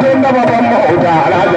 sarkin da babban mahauta